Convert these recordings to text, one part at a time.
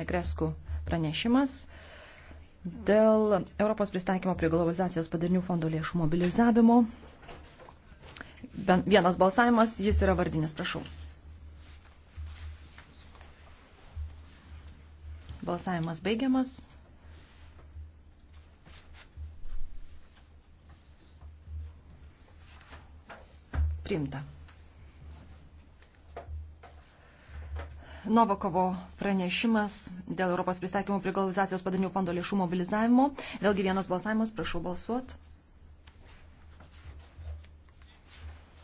Negresku pranešimas dėl Europos pristaikymo prie globalizacijos padarinių fondo lėšų mobilizavimo. Vienas balsavimas, jis yra vardinis, prašau. Balsavimas baigiamas. Priimta. Novakovo pranešimas dėl Europos pristatymo prie globalizacijos padarinių fondo lėšų mobilizavimo. Vėlgi vienas balsavimas, prašau balsuot.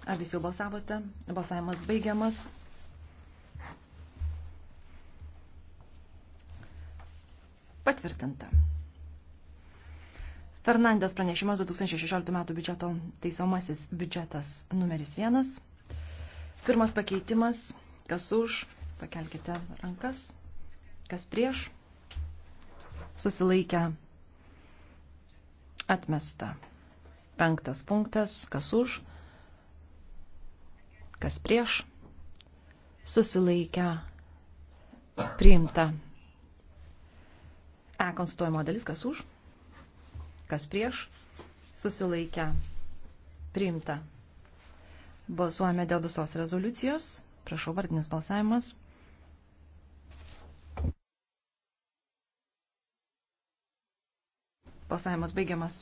Ar visi jau balsavote? Balsavimas baigiamas. Patvirtinta. Fernandės pranešimas 2016 m. biudžeto teisomasis biudžetas numeris vienas. Pirmas pakeitimas, kas už, Pakelkite rankas. Kas prieš? Susilaikę. Atmesta. Penktas punktas. Kas už? Kas prieš? Susilaikę. Priimta. E konstituojimo dalis. Kas už? Kas prieš? Susilaikę. Priimta. Balsuojame dėl visos rezoliucijos. Prašau, vardinis balsavimas. Balsavimas baigiamas.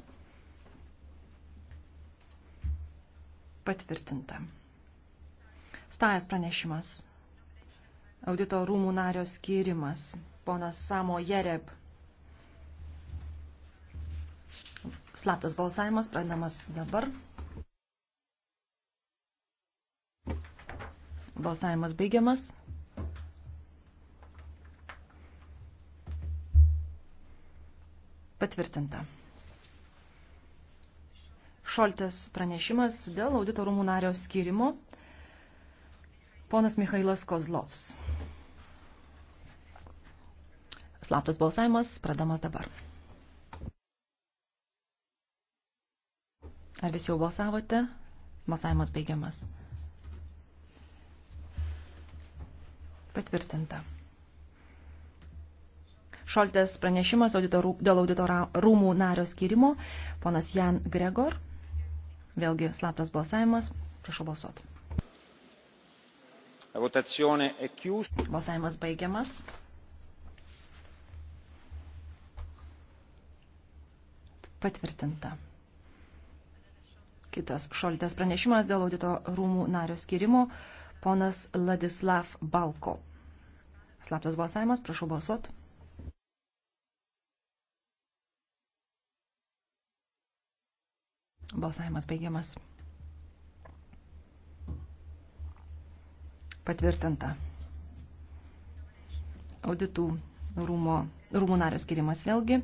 Patvirtinta. Stajas pranešimas. Audito rūmų nario skyrimas. Ponas Samo Jereb. Slaptas balsavimas pradedamas dabar. Balsavimas baigiamas. Patvirtinta. Šoltas pranešimas dėl audito rūmų nario skirimo. Ponas Mikhailas Kozlovs. Slaptas balsavimas pradamas dabar. Ar visi jau balsavote? Balsavimas baigiamas. Patvirtinta. Šoltės pranešimas auditorų, dėl audito rūmų nario skirimo. Ponas Jan Gregor. Vėlgi slaptas balsavimas. Prašau balsuoti. Votazione è chiusa. Balsavimas baigiamas. Patvirtinta. Kitas šoltės pranešimas dėl audito rūmų nario skirimo. Ponas Ladislav Balko. Slaptas balsavimas, prašau balsuoti. Balsavimas baigiamas. Patvirtinta. Auditų rūmo, rūmų nario skirimas vėlgi.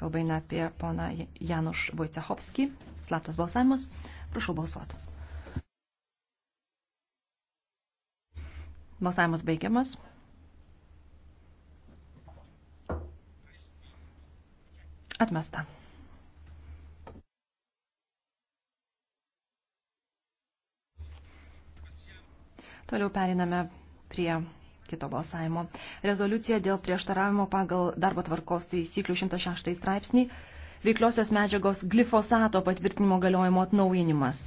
Kalba eina apie poną Januš Vojcechovskį. Slaptas balsavimas. Prašau balsuoti. Balsavimas baigiamas. Atmesta. Toliau periname prie kito balsavimo. Rezoliucija dėl prieštaravimo pagal darbo tvarkos taisyklių 106 straipsnį veikliosios medžiagos glifosato patvirtinimo galiojimo atnaujinimas.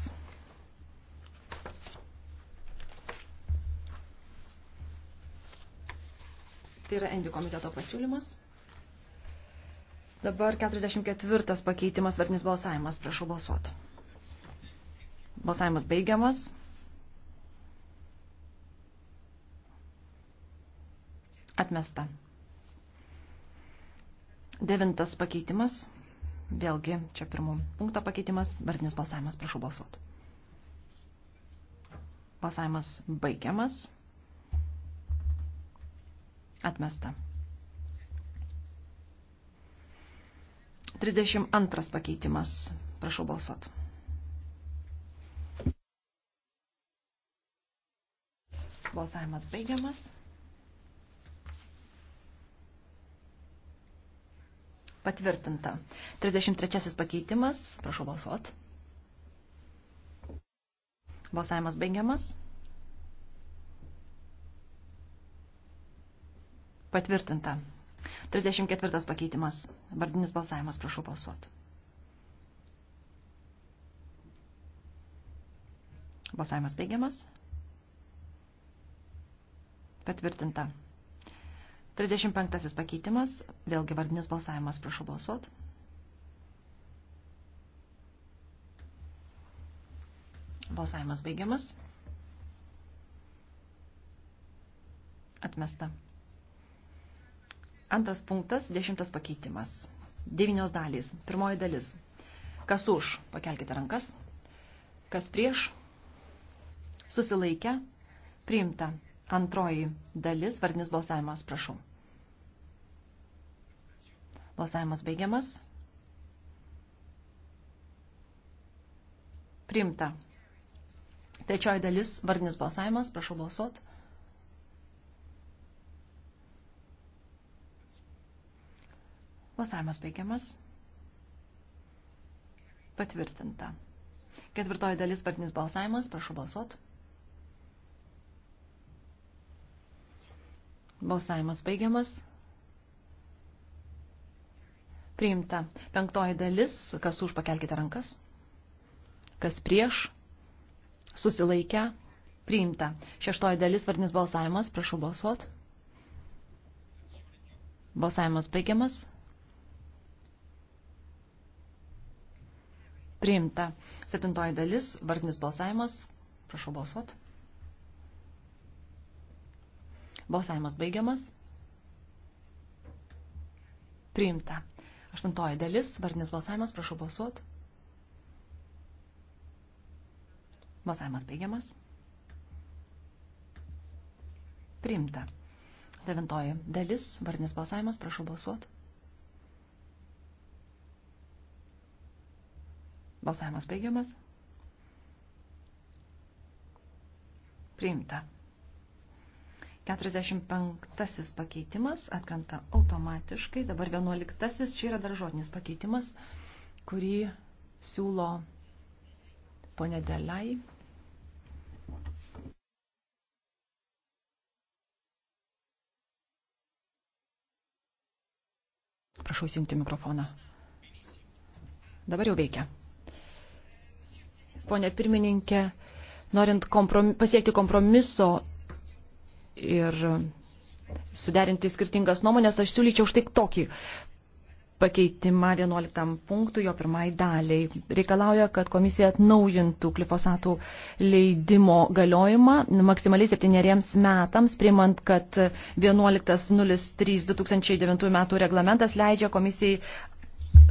Tai yra Endių komiteto pasiūlymas. Dabar 44 pakeitimas, vardinis balsavimas. Prašau balsuoti. Balsavimas baigiamas. Atmesta. Devintas pakeitimas. Vėlgi, čia pirmų punkto pakeitimas. Vardinis balsavimas. Prašau balsuoti. Balsavimas baigiamas. Atmesta. 32 pakeitimas. Prašau balsuoti. Balsavimas baigiamas. Patvirtinta. 33 pakeitimas. Prašau balsuot. Balsavimas baigiamas. Patvirtinta. 34 pakeitimas. Vardinis balsavimas. Prašau balsuot. Balsavimas baigiamas. Patvirtinta. 35 pakeitimas, vėlgi vardinis balsavimas, prašau balsuot. Balsavimas baigiamas. Atmesta. Antras punktas, dešimtas pakeitimas. Devynios dalys. Pirmoji dalis. Kas už? Pakelkite rankas. Kas prieš? Susilaikę. Priimta. Antroji dalis, vardinis balsavimas, prašau. Balsavimas baigiamas. Primta. Trečioji dalis, vardinis balsavimas, prašau balsuot. Balsavimas baigiamas. Patvirtinta. Ketvirtoji dalis, vardinis balsavimas, prašau balsuot. Balsavimas baigiamas. Priimta. Penktoji dalis. Kas už pakelkite rankas. Kas prieš. Susilaikę. Priimta. Šeštoji dalis. Vardinis balsavimas. Prašau balsuot. Balsavimas baigiamas. Priimta. Septintoji dalis. Vardinis balsavimas. Prašau balsuot. Balsavimas baigiamas. Priimta. Aštuntoji dalis, vardinis balsavimas, prašau balsuot. Balsavimas baigiamas. Priimta. Devintoji dalis, vardinis balsavimas, prašau balsuot. Balsavimas baigiamas. Priimta. 45 pakeitimas atkrenta automatiškai. Dabar 11 čia yra dar žodinis pakeitimas, kurį siūlo ponė Delai. Prašau įsijungti mikrofoną. Dabar jau veikia. Pone pirmininkė, norint komprom pasiekti kompromiso ir suderinti skirtingas nuomonės, aš siūlyčiau štai tokį pakeitimą 11 punktų, jo pirmai daliai. Reikalauja, kad komisija atnaujintų glifosatų leidimo galiojimą maksimaliai septyneriems metams, primant, kad 11.03.2009 metų reglamentas leidžia komisijai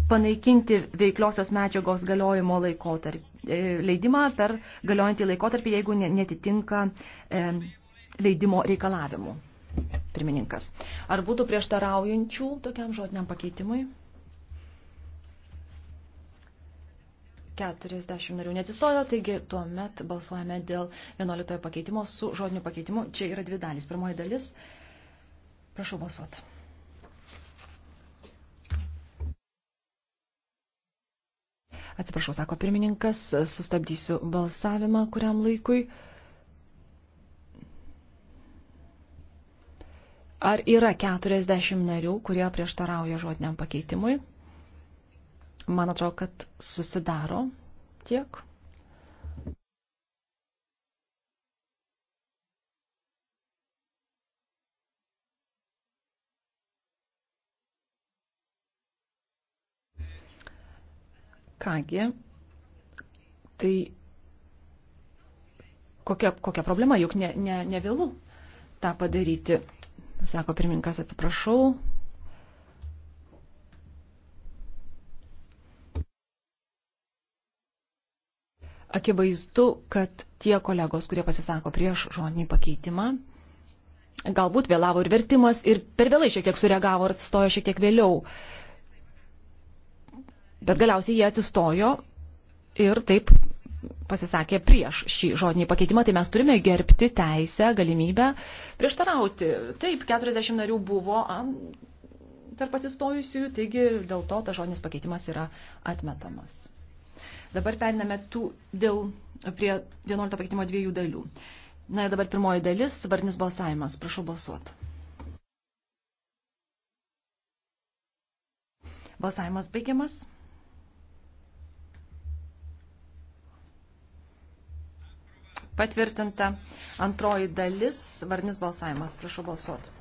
panaikinti veikliosios medžiagos galiojimo laikotarpį, e, leidimą per galiojantį laikotarpį, jeigu netitinka e, leidimo reikalavimų. Pirmininkas. Ar būtų prieštaraujančių tokiam žodiniam pakeitimui? 40 narių neatsistojo, taigi tuo met balsuojame dėl 11 pakeitimo su žodiniu pakeitimu. Čia yra dvi dalys. Pirmoji dalis. Prašau balsuoti. Atsiprašau, sako pirmininkas, sustabdysiu balsavimą kuriam laikui. Ar yra 40 narių, kurie prieštarauja žodiniam pakeitimui? Man atrodo, kad susidaro tiek. Kągi, tai kokia, kokia problema, juk ne, ne, ne vėlų tą padaryti. Sako pirmininkas, atsiprašau. Akivaizdu, kad tie kolegos, kurie pasisako prieš žodinį pakeitimą, galbūt vėlavo ir vertimas ir per vėlai šiek tiek sureagavo ir atsistojo šiek tiek vėliau. Bet galiausiai jie atsistojo ir taip pasisakė prieš šį žodinį pakeitimą, tai mes turime gerbti teisę, galimybę prieštarauti. Taip, 40 narių buvo tarp atsistojusiųjų, taigi dėl to tas žodinis pakeitimas yra atmetamas. Dabar periname tų, dėl, prie 11 pakeitimo dviejų dalių. Na ir dabar pirmoji dalis, vardinis balsavimas. Prašau balsuoti. Balsavimas baigiamas. Patvirtinta antroji dalis, varnis balsavimas. Prašau balsuoti.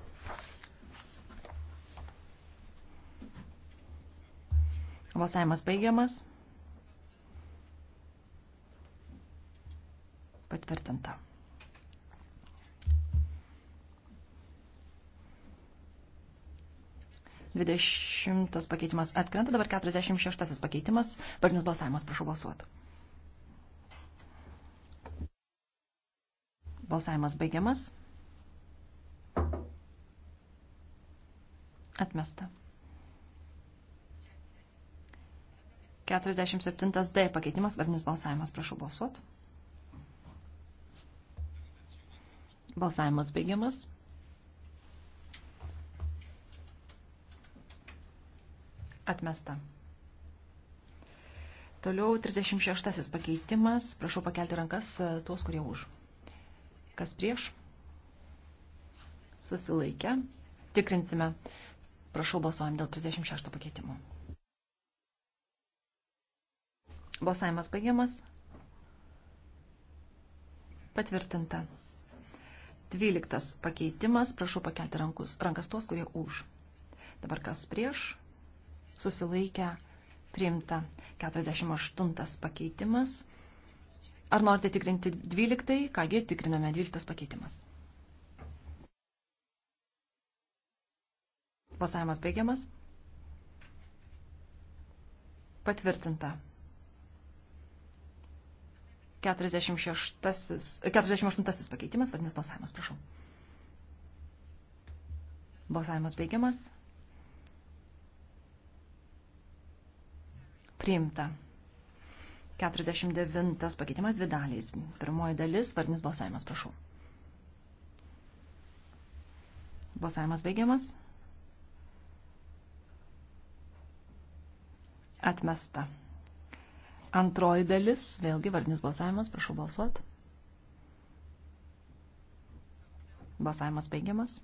Balsavimas baigiamas. Patvirtinta. Dvidešimtas pakeitimas atkrenta, dabar 46 pakeitimas, vardinis balsavimas, prašau balsuoti. Balsavimas baigiamas. Atmesta. 47D pakeitimas, vardinis balsavimas, prašau balsuot. Balsavimas baigiamas. Atmesta. Toliau 36 pakeitimas, prašau pakelti rankas e, tuos, kurie už. Kas prieš? Susilaikę. Tikrinsime. Prašau, balsuojam dėl 36 pakeitimo. Balsavimas baigiamas. Patvirtinta. 12 pakeitimas. Prašau pakelti rankus, rankas tuos, kurie už. Dabar kas prieš? Susilaikę. Priimta. 48 pakeitimas. Ar norite tikrinti 12? Kągi, tikriname 12 pakeitimas. Balsavimas baigiamas. Patvirtinta. 46, 48 pakeitimas, vadinas balsavimas, prašau. Balsavimas baigiamas. Priimta. 49 pakeitimas dvi dalys. Pirmoji dalis, vardinis balsavimas, prašau. Balsavimas baigiamas. Atmesta. Antroji dalis, vėlgi vardinis balsavimas, prašau balsuot. Balsavimas baigiamas.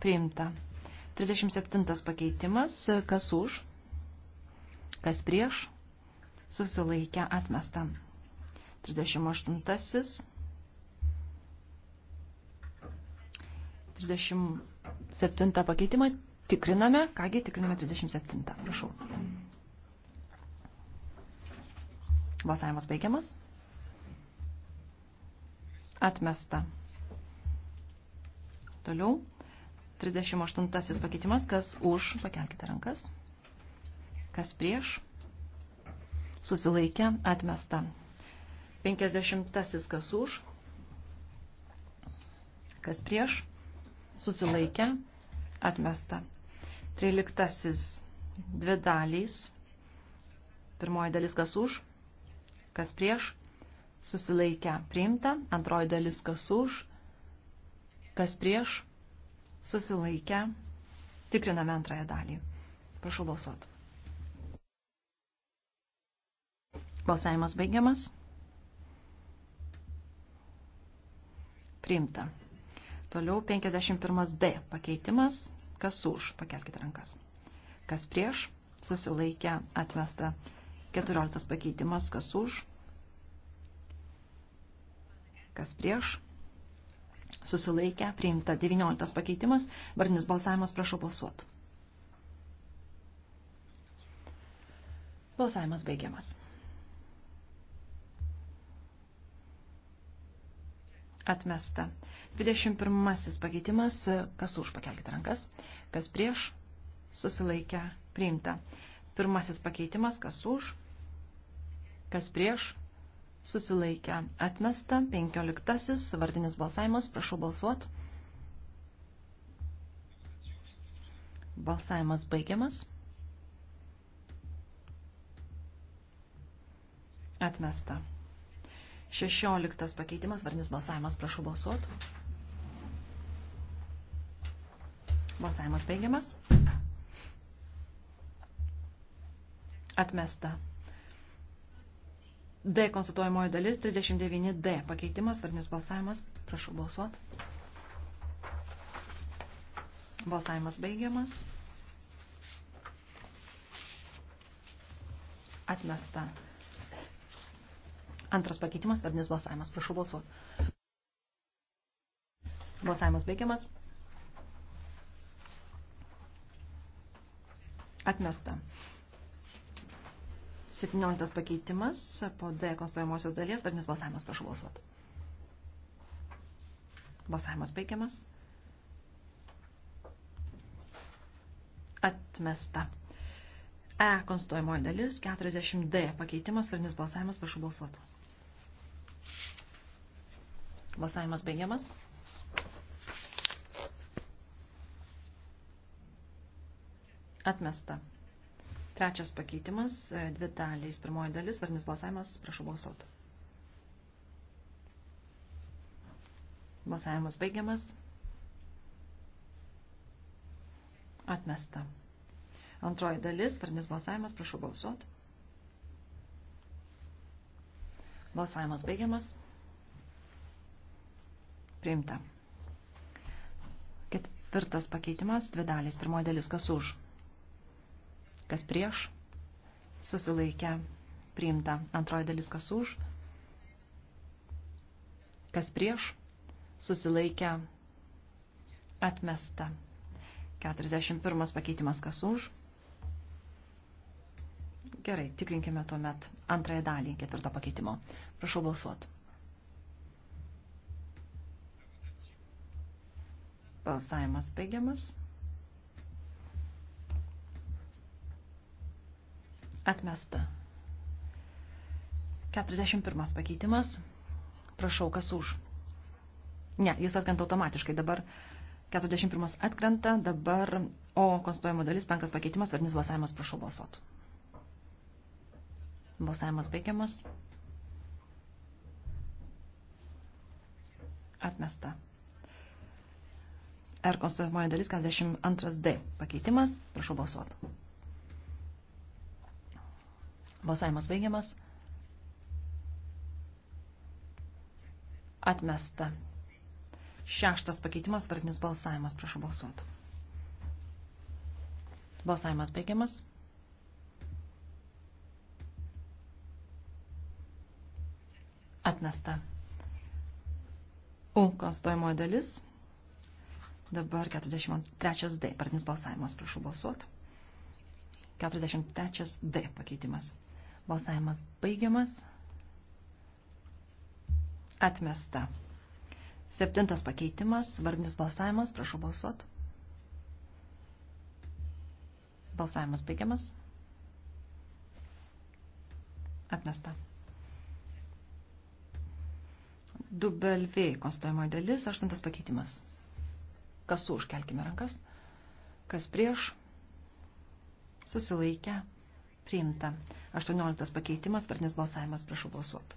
Priimta. 37 pakeitimas, kas už? Kas prieš? Susilaikę atmesta. 38. 37 pakeitimą tikriname. Kągi, tikriname 37. Prašau. Balsavimas baigiamas. Atmesta. Toliau. 38 pakeitimas, kas už, pakelkite rankas. Kas prieš? Susilaikė atmesta. 50 kas už? Kas prieš? Susilaikė atmesta. 13 dvi dalys. Pirmoji dalis kas už? Kas prieš? Susilaikę priimta. Antroji dalis kas už? Kas prieš? Susilaikę. Tikriname antrąją dalį. Prašau balsuoti. Balsavimas baigiamas. Priimta. Toliau 51 D pakeitimas. Kas už? Pakelkite rankas. Kas prieš? Susilaikę atvesta. 14 pakeitimas. Kas už? Kas prieš? Susilaikę. Priimta. 19 pakeitimas. Vardinis balsavimas. Prašau balsuoti. Balsavimas baigiamas. Atmesta. 21 pakeitimas. Kas už pakelkite rankas? Kas prieš? Susilaikę. Priimta. Pirmasis pakeitimas. Kas už? Kas prieš? Susilaikę. Atmesta. 15. Vardinis balsavimas. Prašau balsuot. Balsavimas baigiamas. Atmesta. 16 pakeitimas, varnis balsavimas, prašau balsuot. Balsavimas baigiamas. Atmesta. D konstatuojamoji dalis, 39D pakeitimas, varnis balsavimas, prašau balsuot. Balsavimas baigiamas. Atmesta. Antras pakeitimas, vardinis balsavimas. Prašau balsuoti. Balsavimas baigiamas. Atmesta. 17 pakeitimas po D konstruojamosios dalies, vardinis balsavimas, prašau balsuoti. Balsavimas baigiamas. Atmesta. E konstituojamoji dalis 40D pakeitimas, vardinis balsavimas, prašau balsuoti. Balsavimas baigiamas. Atmesta. Trečias pakeitimas, e, dvi dalys. Pirmoji dalis, varnis balsavimas, prašau balsuoti. Balsavimas baigiamas. Atmesta. Antroji dalis, varnis balsavimas, prašau balsuoti. Balsavimas baigiamas. Priimta. Ketvirtas pakeitimas, dvi dalys. Pirmoji dalis, kas už. Kas prieš. Susilaikę. Priimta. Antroji dalis, kas už. Kas prieš. Susilaikę. Atmesta. 41 pakeitimas, kas už. Gerai, tikrinkime tuomet antrąją dalį ketvirto pakeitimo. Prašau balsuoti. Balsavimas baigiamas. Atmesta. 41 pakeitimas. Prašau, kas už. Ne, jis atkrenta automatiškai. Dabar 41 atkrenta, dabar O konstatuojimo dalis, penktas pakeitimas, vardinis balsavimas, prašau balsuot. Balsavimas baigiamas. Atmesta. R konstatuojamoji dalis 42D. Pakeitimas. Prašau balsuoti. Balsavimas baigiamas. Atmesta. Šeštas pakeitimas, vardinis balsavimas. Prašau balsuoti. Balsavimas baigiamas. Atmesta. U konstatuojamoji dalis Dabar 43 D. Partinis balsavimas. Prašau balsuoti. 43 D pakeitimas. Balsavimas baigiamas. Atmesta. Septintas pakeitimas. Vardinis balsavimas. Prašau balsuoti. Balsavimas baigiamas. Atmesta. Dubelvė konstituojamoji dalis, aštuntas pakeitimas. Kas už, kelkime rankas. Kas prieš, susilaikę, priimta. 18 pakeitimas, varnis balsavimas, prašau balsuoti.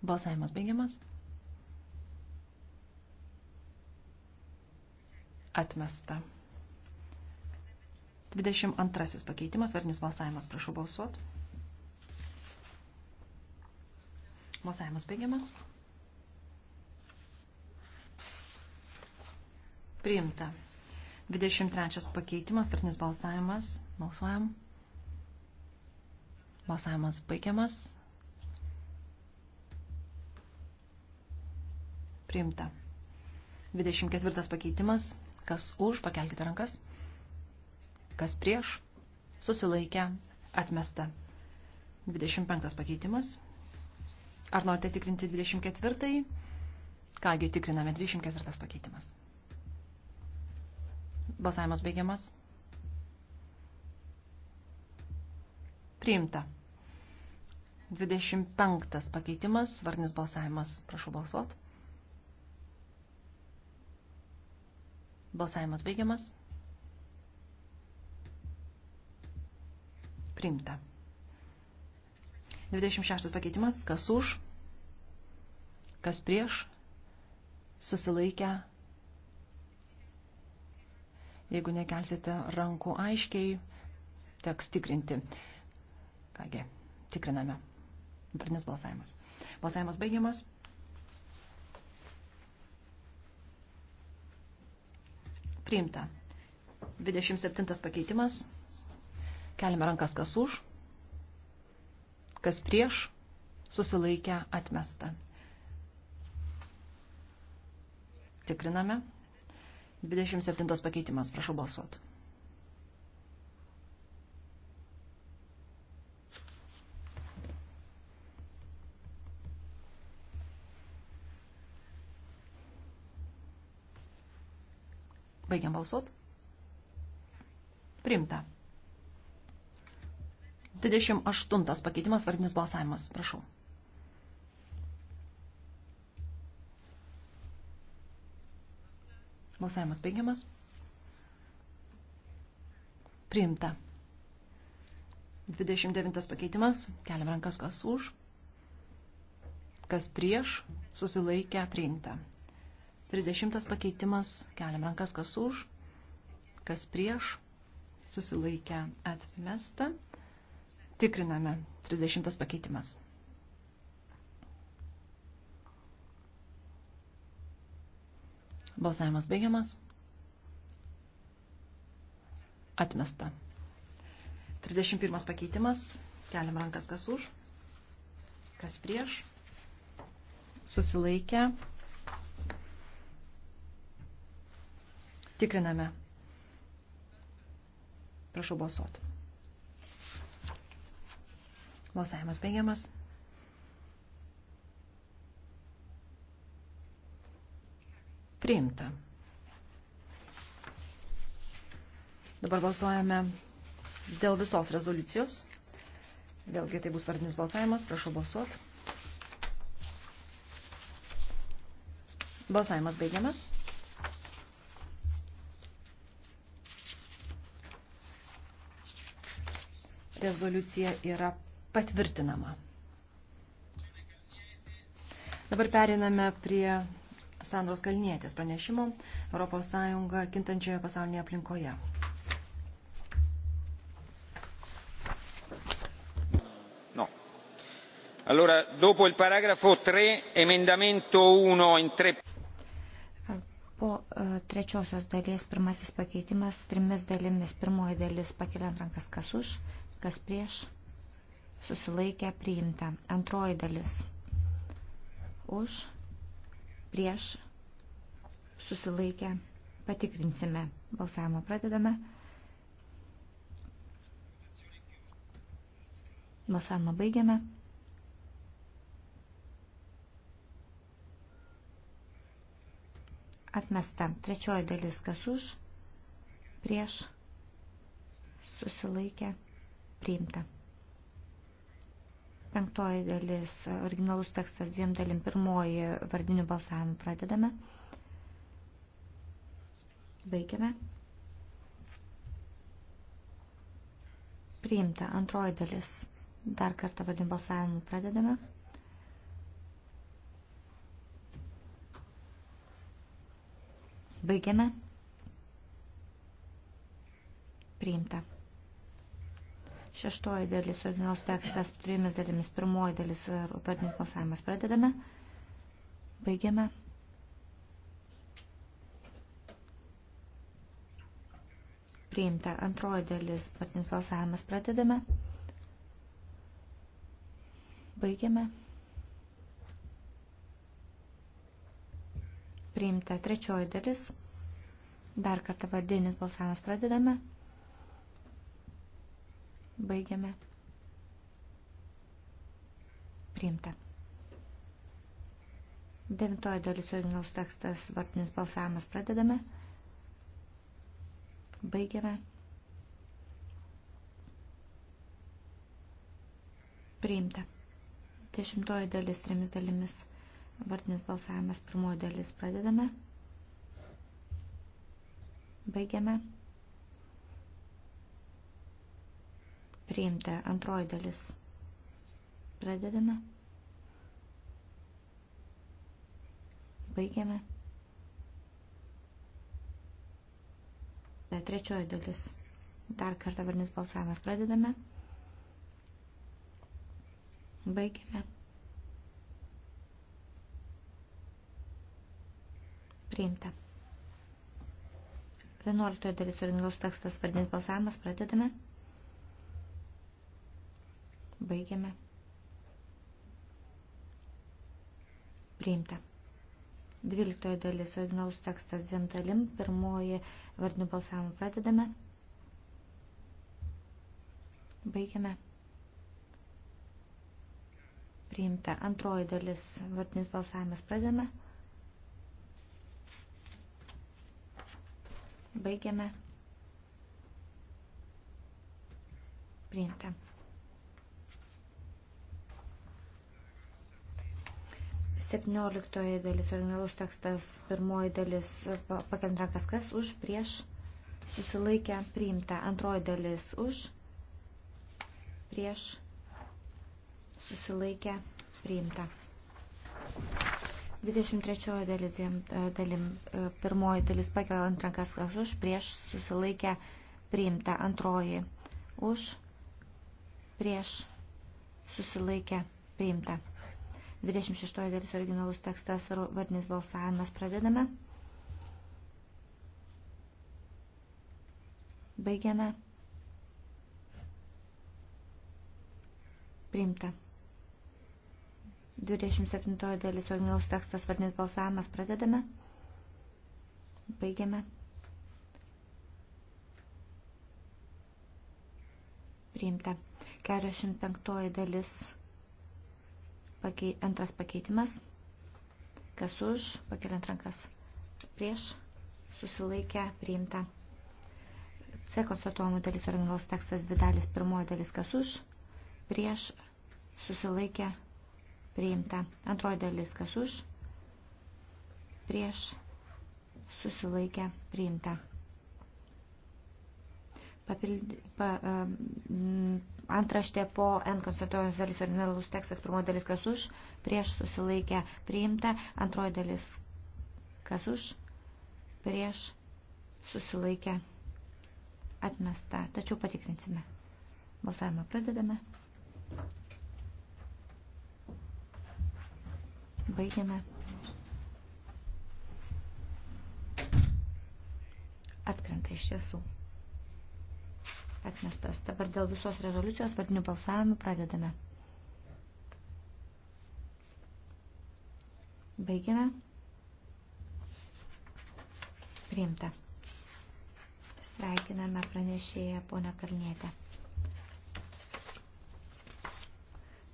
Balsavimas baigiamas. Atmesta. 22 pakeitimas, varnis balsavimas, prašau balsuoti. Balsavimas baigiamas. Priimta. 23 pakeitimas, partinis balsavimas. Balsuojam. Balsavimas baigiamas. Priimta. 24 pakeitimas. Kas už, pakelkite rankas. Kas prieš, susilaikę, atmesta. 25 pakeitimas. Ar norite tikrinti 24? Kągi tikriname 24 pakeitimas. Balsavimas baigiamas. Priimta. 25 pakeitimas, varnis balsavimas. Prašau balsuot. Balsavimas baigiamas. Priimta. 26 pakeitimas, kas už, kas prieš, susilaikę Jeigu nekelsite rankų aiškiai, teks tikrinti. Kągi, tikriname. Dabartinis balsavimas. Balsavimas baigiamas. Priimta. 27 pakeitimas. Keliame rankas kas už, kas prieš, susilaikę atmesta. Tikriname. 27 pakeitimas. Prašau balsuoti. Baigiam balsuot. Priimta. 28 pakeitimas, vardinis balsavimas. Prašau. Balsavimas baigiamas. Priimta. 29 pakeitimas. Keliam rankas kas už. Kas prieš. Susilaikę priimta. 30 pakeitimas. Keliam rankas kas už. Kas prieš. Susilaikę atmesta. Tikriname. 30 pakeitimas. Balsavimas baigiamas. Atmesta. 31 pakeitimas. Keliam rankas kas už, kas prieš. Susilaikę. Tikriname. Prašau balsuoti. Balsavimas baigiamas. Priimta. Dabar balsuojame dėl visos rezoliucijos. Vėlgi tai bus vardinis balsavimas. Prašau balsuoti. Balsavimas baigiamas. Rezoliucija yra patvirtinama. Dabar periname prie Sandros Kalnietės pranešimo Europos Sąjunga kintančioje pasaulinėje aplinkoje. No. Allora, dopo il paragrafo 3, emendamento 1 in 3. Po uh, trečiosios dalies pirmasis pakeitimas trimis dalimis. Pirmoji dalis pakeliant rankas kas už, kas prieš, susilaikę priimta. Antroji dalis už, prieš susilaikę patikrinsime. Balsavimą pradedame. Balsavimą baigiame. Atmesta trečioji dalis kas už, prieš, susilaikę, priimta. Penktoji dalis, originalus tekstas dviem dalim, pirmoji vardinių balsavimų pradedame. Baigiame. Priimta antroji dalis. Dar kartą vardinių balsavimų pradedame. Baigiame. Priimta. Šeštoji dalis originalus tekstas trimis dalimis. Pirmoji dalis vardinis e, balsavimas. Pradedame. Baigiame. Priimta. Antroji dalis vardinis balsavimas. Pradedame. Baigiame. Priimta. Trečioji dalis. Dar kartą vardinis balsavimas. Pradedame. Pradedame. Baigiame. Priimta. Devintoji dalis originalus tekstas, vartinis balsavimas pradedame. Baigiame. Priimta. Dešimtoji dalis trimis dalimis, vartinis balsavimas pirmoji dalis pradedame. Baigiame. priimta antroji dalis. Pradedame. Baigiame. Tai trečioji dalis. Dar kartą varnis balsavimas pradedame. Baigiame. Priimta. 11 dalis originalus tekstas vardinis balsavimas pradedame. Baigiame. Priimta. 12 dalis originalus tekstas dviem dalim. Pirmoji vardinių balsavimą pradedame. Baigiame. Priimta. Antroji dalis vardinis balsavimas pradedame. Baigiame. Priimta. 17 dalis, originalus tekstas, pirmoji dalis, pakeliant rankas kas, už, prieš, susilaikę, priimta. Antroji dalis, už, prieš, susilaikę, priimta. 23 dalis, e, dalim, e, pirmoji dalis, pakeliant rankas kas, už, prieš, susilaikę, priimta. Antroji, už, prieš, susilaikę, priimta. 26 dalis originalus tekstas ir vardinis balsavimas pradedame. Baigiame. Priimta. 27 dalis originalus tekstas vardinis balsavimas pradedame. Baigiame. Priimta. 45 dalis pakei, antras pakeitimas, kas už, pakeliant rankas prieš, susilaikę, priimta. C konstatuojamų dalis originalus tekstas, dvi dalis, pirmoji dalis, kas už, prieš, susilaikę, priimta. Antroji dalis, kas už, prieš, susilaikę, priimta papildi, pa, um, antraštė po N konstatuojamas dalis originalus tekstas, pirmoji dalis kas už, prieš susilaikę priimta, antroji dalis kas už, prieš susilaikę atmesta. Tačiau patikrinsime. Balsavimą pradedame. Baigiame. Atkrenta iš tiesų atmestas. Dabar dėl visos rezoliucijos vardinių balsavimų pradedame. Baigiame. Priimta. Sveikiname pranešėją ponę Kalnietę.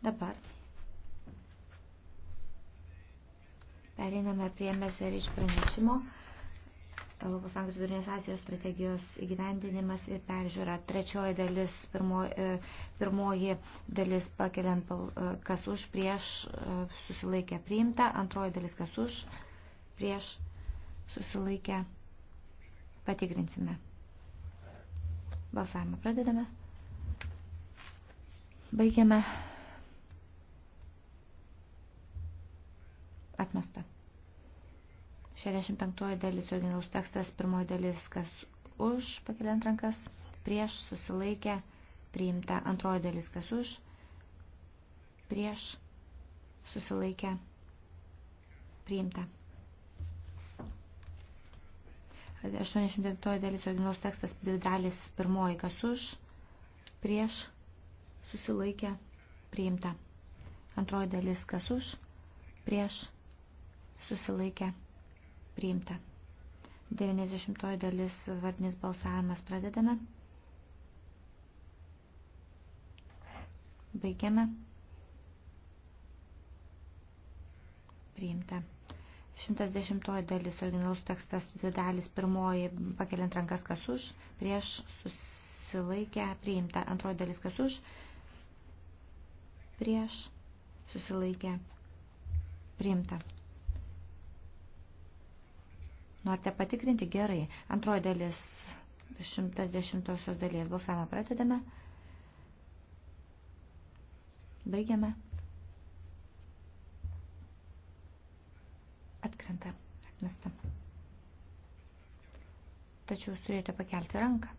Dabar pereiname prie meserič pranešimo. ES vidurinės Azijos strategijos įgyvendinimas ir peržiūra. Trečioji dalis, pirmo, e, pirmoji dalis pakeliant e, kas už, prieš e, susilaikę priimta, antroji dalis kas už, prieš susilaikę patikrinsime. Balsavimą pradedame. Baigiame. Atmesta. 65 dalis, originalus tekstas, pirmoji dalis, kas už, pakeliant rankas, prieš, susilaikę, priimta, antroji dalis, kas už, prieš, susilaikę, priimta. 89 dalis originalus tekstas, dvi dalis, pirmoji, kas už, prieš, susilaikę, priimta. Antroji dalis, kas už, prieš, susilaikę, priimta priimta. 90 dalis vardinis balsavimas pradedame. Baigiame. Priimta. 110 dalis originalus tekstas, dvi dalis, pirmoji pakeliant rankas kas už, prieš susilaikę priimta, antroji dalis kas už, prieš susilaikę priimta. Norite patikrinti? Gerai. Antroji dalis 110 dalies. Balsavimą pratedame. Baigiame. Atkrenta. Atmesta. Tačiau jūs turėjote pakelti ranką.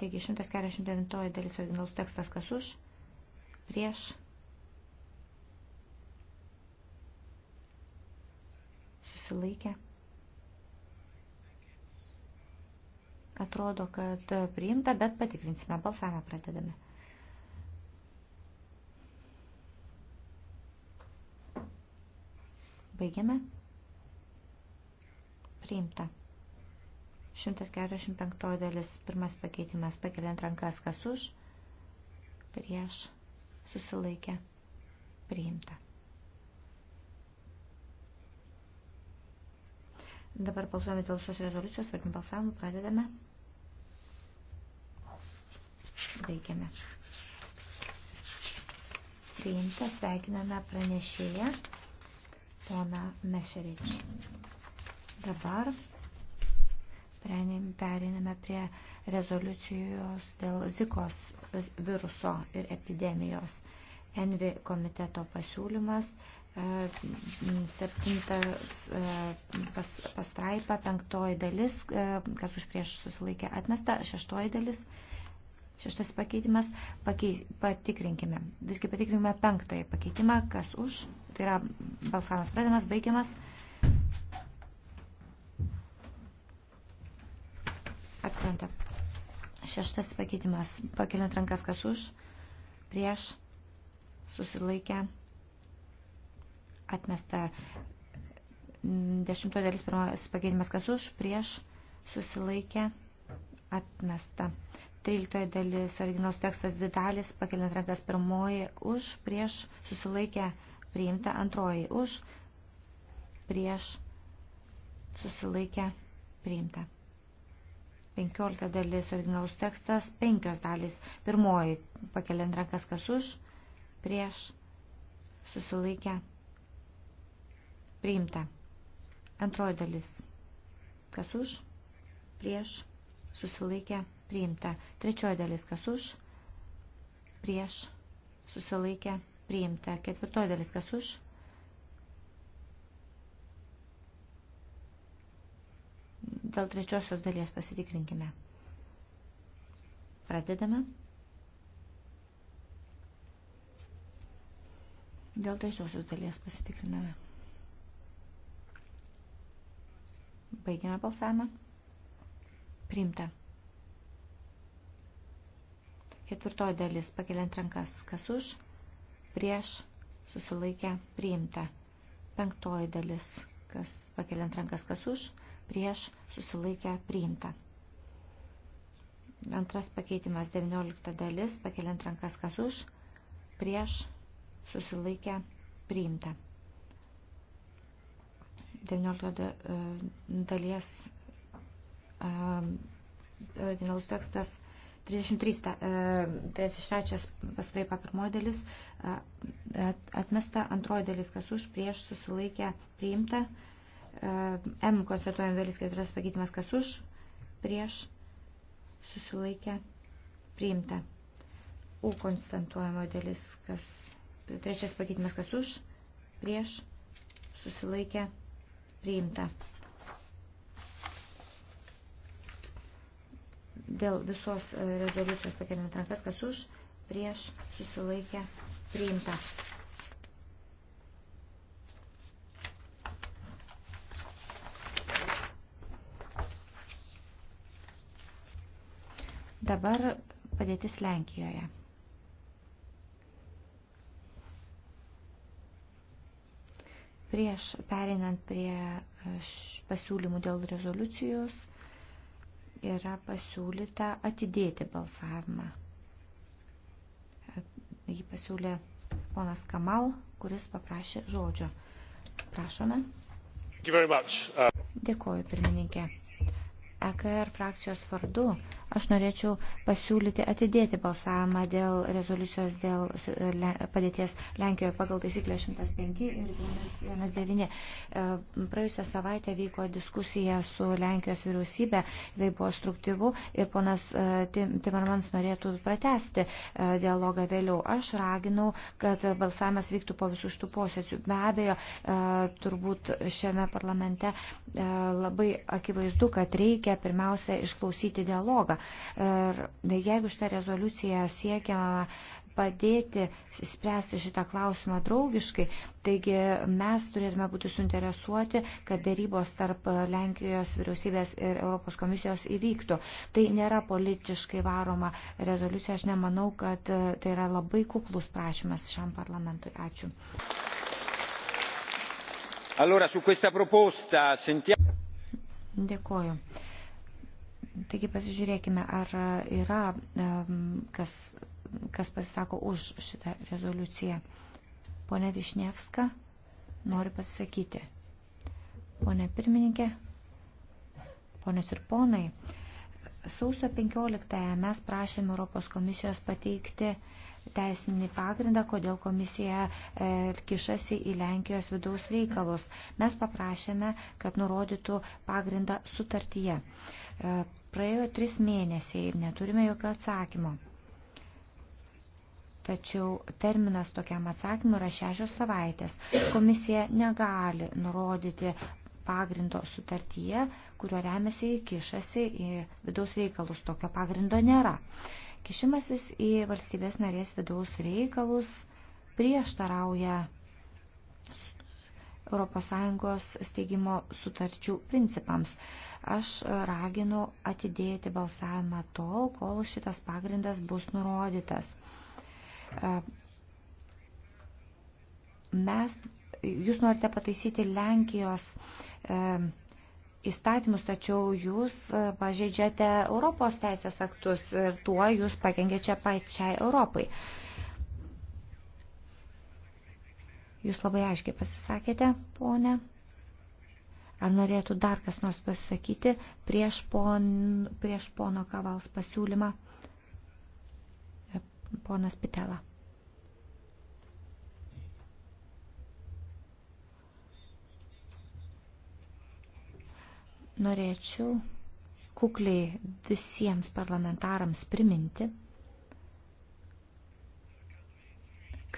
Taigi 149 dalis originalus tekstas kas už, prieš, susilaikė. Atrodo, kad priimta, bet patikrinsime balsavimą pradedame. Baigiame. Priimta. 145 dalis pirmas pakeitimas pakeliant rankas kas už, prieš, susilaikę, priimta. Dabar balsuojame dėl šios rezoliucijos, vardinių balsavimų, pradedame. Baigiame. Priimta, sveikiname pranešėją, pona Mešerič. Dabar periname prie rezoliucijos dėl Zikos viruso ir epidemijos. Envi komiteto pasiūlymas E, septintas e, pas, pastraipa, penktoji dalis, e, kas už prieš susilaikė atmesta, šeštoji dalis, šeštas pakeitimas, pakei, patikrinkime. Visgi patikrinkime penktąjį pakeitimą, kas už, tai yra balsavimas pradedamas, baigiamas. Atkrenta. Šeštas pakeitimas, pakeliant rankas, kas už, prieš, susilaikę, atmesta. Dešimtoji dalis pirmas pakeitimas kas už, prieš susilaikė atmesta. Tryliktoji dalis originalus tekstas dvi dalis, pakeliant rankas pirmoji už, prieš susilaikė priimta, antroji už, prieš susilaikė priimta. 15 dalis originalus tekstas, 5 dalis. Pirmoji pakeliant rankas kas už, prieš, susilaikę, Priimta. Antroji dalis. Kas už? Prieš. Susilaikė. Priimta. Trečioji dalis. Kas už? Prieš. Susilaikė. Priimta. Ketvirtoji dalis. Kas už? Dėl trečiosios dalies pasitikrinkime. Pradedame. Dėl trečiosios dalies pasitikriname. Baigiame balsavimą. Priimta. Ketvirtoji dalis. Pakeliant rankas. Kas už? Prieš. Susilaikę. Priimta. Penktoji dalis. Kas, pakeliant rankas. Kas už? Prieš. Susilaikę. Priimta. Antras pakeitimas. 19 dalis. Pakeliant rankas. Kas už? Prieš. Susilaikę. Priimta. 19 e, dalies e, e, originalus tekstas 33, 33 pastraipa pirmoji dalis atmesta, antroji dalis kas už, prieš susilaikę priimta, M konstatuojam dalis ketvirtas pakeitimas kas už, prieš susilaikę priimta. U konstatuojama dalis kas, trečias pakeitimas kas už, prieš susilaikę priimta priimta. Dėl visos e, rezoliucijos pakėlėme rankas, kas už, prieš, susilaikė, priimta. Dabar padėtis Lenkijoje. Prieš perinant prie e, pasiūlymų dėl rezoliucijos yra pasiūlyta atidėti balsavimą. E, jį pasiūlė ponas Kamal, kuris paprašė žodžio. Prašome. Dėkuoju, pirmininkė. EKR frakcijos vardu Aš norėčiau pasiūlyti atidėti balsavimą dėl rezoliucijos dėl padėties Lenkijoje pagal taisyklę 105 ir 119. E, praėjusią savaitę vyko diskusija su Lenkijos vyriausybė, tai buvo struktyvu ir ponas e, Timermans norėtų pratesti e, dialogą vėliau. Aš raginau, kad balsavimas vyktų po visų šitų posėdžių. Be abejo, turbūt šiame parlamente labai akivaizdu, kad reikia pirmiausia išklausyti dialogą sąjungą. Ir jeigu šitą rezoliuciją siekiama padėti spręsti šitą klausimą draugiškai. Taigi mes turėtume būti suinteresuoti, kad dėrybos tarp Lenkijos vyriausybės ir Europos komisijos įvyktų. Tai nėra politiškai varoma rezoliucija. Aš nemanau, kad tai yra labai kuklus prašymas šiam parlamentui. Ačiū. Allora, su questa proposta sentiamo. Dėkoju. Taigi pasižiūrėkime, ar yra kas, kas pasisako už šitą rezoliuciją. Pone Višnevska, noriu pasisakyti. Pone pirmininkė, ponės ir ponai, sausio 15-ąją mes prašėme Europos komisijos pateikti teisinį pagrindą, kodėl komisija e, kišasi į Lenkijos vidaus reikalus. Mes paprašėme, kad nurodytų pagrindą sutartyje. E, Praėjo tris mėnesiai ir neturime jokio atsakymo. Tačiau terminas tokiam atsakymui yra šešios savaitės. Komisija negali nurodyti pagrindo sutartyje, kurio remiasi įkišasi į vidaus reikalus. Tokio pagrindo nėra. Kišimasis į valstybės narės vidaus reikalus prieštarauja ES steigimo sutarčių principams. Aš e, raginu atidėti balsavimą tol, kol šitas pagrindas bus nurodytas. E, mes, jūs norite pataisyti Lenkijos e, įstatymus, tačiau jūs pažeidžiate Europos teisės aktus ir tuo jūs pakengėte pačiai Europai. Jūs labai aiškiai pasisakėte, ponė. Ar norėtų dar kas nors pasisakyti prieš, pon, prieš pono Kavals pasiūlymą? Ponas Pitela. Norėčiau kukliai visiems parlamentarams priminti,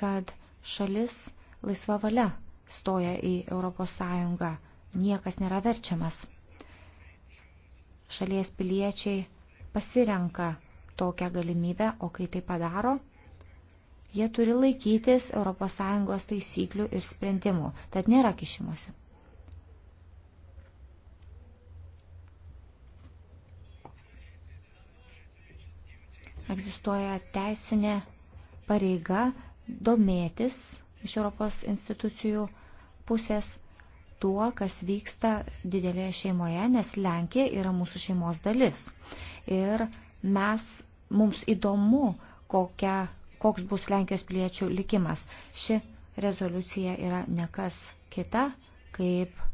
kad šalis laisva valia stoja į Europos Sąjungą. Niekas nėra verčiamas. Šalies piliečiai pasirenka tokią galimybę, o kai tai padaro, jie turi laikytis ES taisyklių ir sprendimų, tad nėra kišimuose. Egzistuoja teisinė pareiga domėtis iš Europos institucijų pusės tuo, kas vyksta didelėje šeimoje, nes Lenkija yra mūsų šeimos dalis. Ir mes, mums įdomu, kokia, koks bus Lenkijos piliečių likimas. Ši rezoliucija yra nekas kita, kaip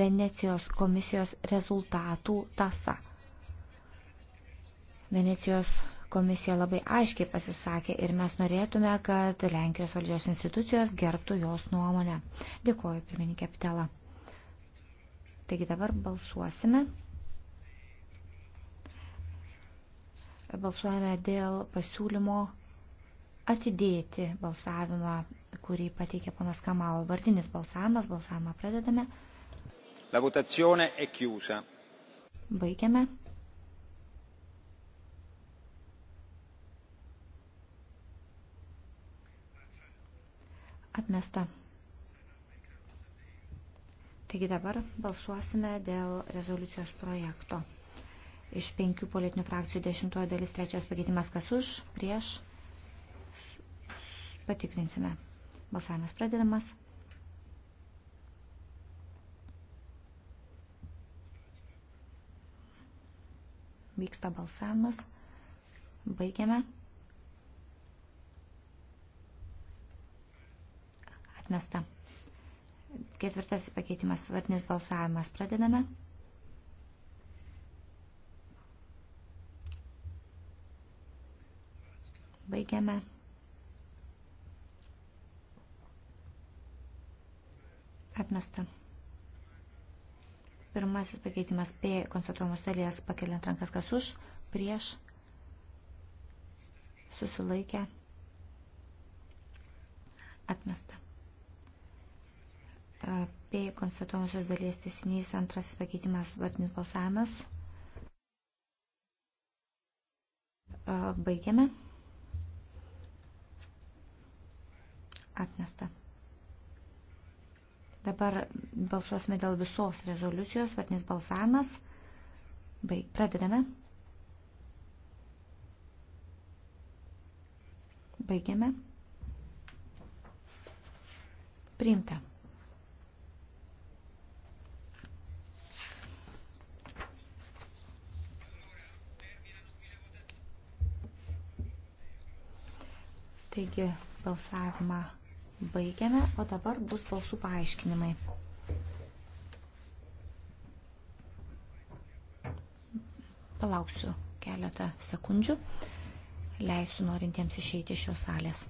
Venecijos komisijos rezultatų tasa. Venecijos komisija labai aiškiai pasisakė ir mes norėtume, kad Lenkijos valdžios institucijos gerbtų jos nuomonę. Dėkuoju, pirmininkė Pitela. Taigi dabar balsuosime. Balsuojame dėl pasiūlymo atidėti balsavimą, kurį pateikė ponas Kamalo. Vardinis balsavimas, balsavimą pradedame. La votazione è chiusa. Baigiame. Atmesta. Taigi dabar balsuosime dėl rezoliucijos projekto. Iš penkių politinių frakcijų dešimtojo dalis trečias pakeitimas kas už, prieš. Patikrinsime. Balsavimas pradedamas. Vyksta balsavimas. Baigiame. atmesta. Ketvirtasis pakeitimas vardinis balsavimas. Pradedame. Baigiame. Atmesta. Pirmasis pakeitimas P konstatuojamos dalies pakeliant rankas kas už, prieš, susilaikę, atmesta. P konstatuojamosios dalies teisinys antrasis pakeitimas vardinis balsavimas. Baigiame. Atmesta. Dabar balsuosime dėl visos rezoliucijos, vardinis balsavimas. Baig. Pradedame. Baigiame. Priimta. Taigi balsavimą baigiame, o dabar bus balsų paaiškinimai. Palauksiu keletą sekundžių, leisiu norintiems išeiti iš šios salės.